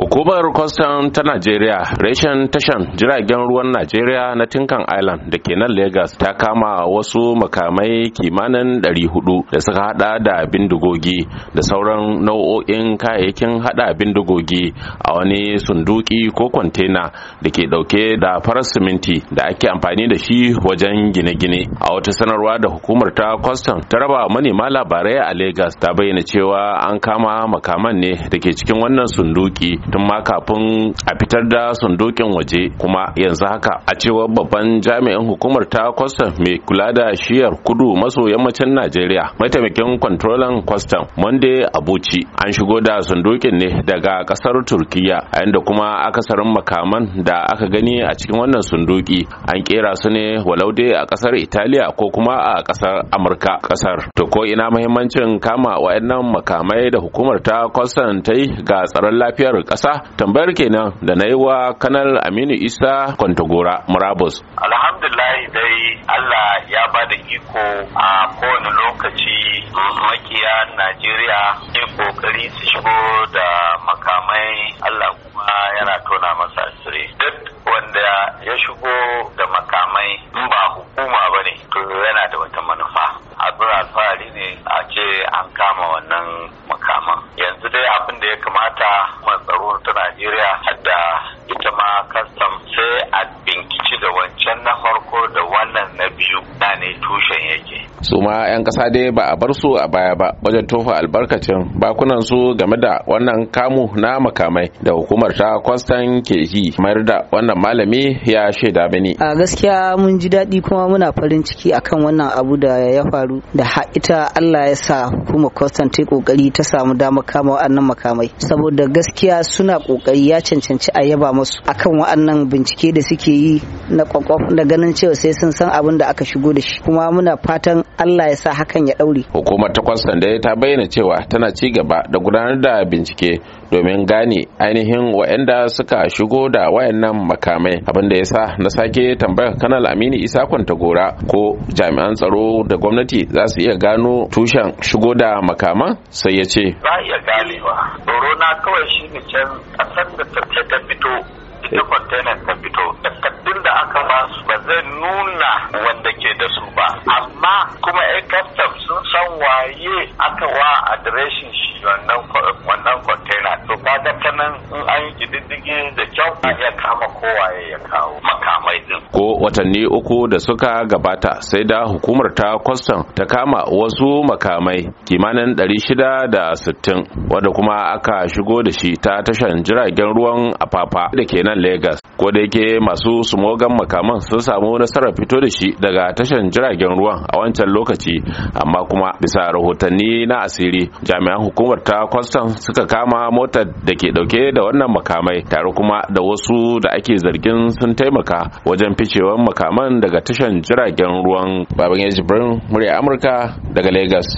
Hukumar kwastam ta Najeriya, reshen tashan jiragen ruwan Najeriya na Tinkan Island da ke nan Legas ta kama wasu makamai kimanin 400 da suka hada da bindigogi da sauran nau'o'in kayayyakin hada bindigogi a wani sunduki ko kwantena da ke dauke da farar siminti da ake amfani da shi wajen gine-gine. A wata sanarwa da hukumar ta kwastam ta raba manema labarai a Legas ta bayyana cewa an kama makaman ne da ke cikin wannan sunduki tun ma kafin a fitar da sundukin waje kuma yanzu haka a cewar babban jami'in hukumar ta kwasta mai kula da shiyar kudu maso yammacin najeriya mataimakin kwantrolan kwastam monday Abuchi. an shigo da sandokin ne daga kasar turkiya a inda kuma akasarin makaman da aka gani a cikin wannan sunduki an kera su ne walau dai a kasar italiya ko kuma a kasar amurka kasar to ko ina mahimmancin kama wa'annan makamai da hukumar ta kwastam ta yi ga tsaron lafiyar ƙasa tambayar kenan da na yi wa kanal aminu isa kwantagora murabus alhamdulahi dai allah ya ba da iko a kowane lokaci makiya najeriya ke kokari su shigo da makamai allah kuma yana tona masa sire duk wanda ya shigo da makamai in ba hukuma tsaro ta Najeriya hadda ita ma kastam sai a binkici da wancan na farko su ma 'yan kasa dai ba a bar su a baya ba wajen tofa albarkacin bakunan su game da wannan kamu na makamai da hukumar ta kwastan ke yi mayar da wannan malami ya shaida mini a gaskiya mun ji daɗi kuma muna farin ciki akan wannan abu da ya faru da ita Allah ya sa hukumar kwastan ta kokari ta samu damar kama wa'annan makamai saboda gaskiya suna kokari ya cancanci a yaba musu akan wa'annan bincike da suke yi na kwakwaf da ganin cewa sai sun san abin da aka shigo da shi kuma muna fatan Allah ya sa hakan ya daure hukumar ta kwastan ta bayyana cewa tana ci gaba da gudanar da bincike domin gane ainihin waɗanda suka shigo da wayannan makamai abin da ya sa na sake tambayar kanal amini isa gora ko jami'an tsaro da gwamnati za su iya gano tushen shigo da makaman sai ya ce ba iya ganewa tsoro na kawai shi ne can kasan da tafiya ta fito ita kwantenan ta fito takardun da aka ba su ba zai nuna wanda kuma 'yan kastam sun san waye aka wa adireshin shi wannan container to ka ga in an yi kididdige da kyau a ya kama kowaye ya kawo makamai din ko watanni uku da suka gabata sai da hukumar ta kwastam ta kama wasu makamai kimanin 660 wadda kuma aka shigo da shi ta tashar jiragen ruwan afafa da ke nan lagos ko da yake masu sumogan makaman sun samu nasarar fito da shi daga tashar jiragen ruwan a wancan lokaci amma kuma bisa rahotanni na asiri jami'an hukumar hukumar ta suka kama motar da ke dauke da wannan makamai tare kuma da wasu da ake zargin sun taimaka wajen ficewar makaman daga tashan jiragen ruwan baban ya murya amurka daga Legas.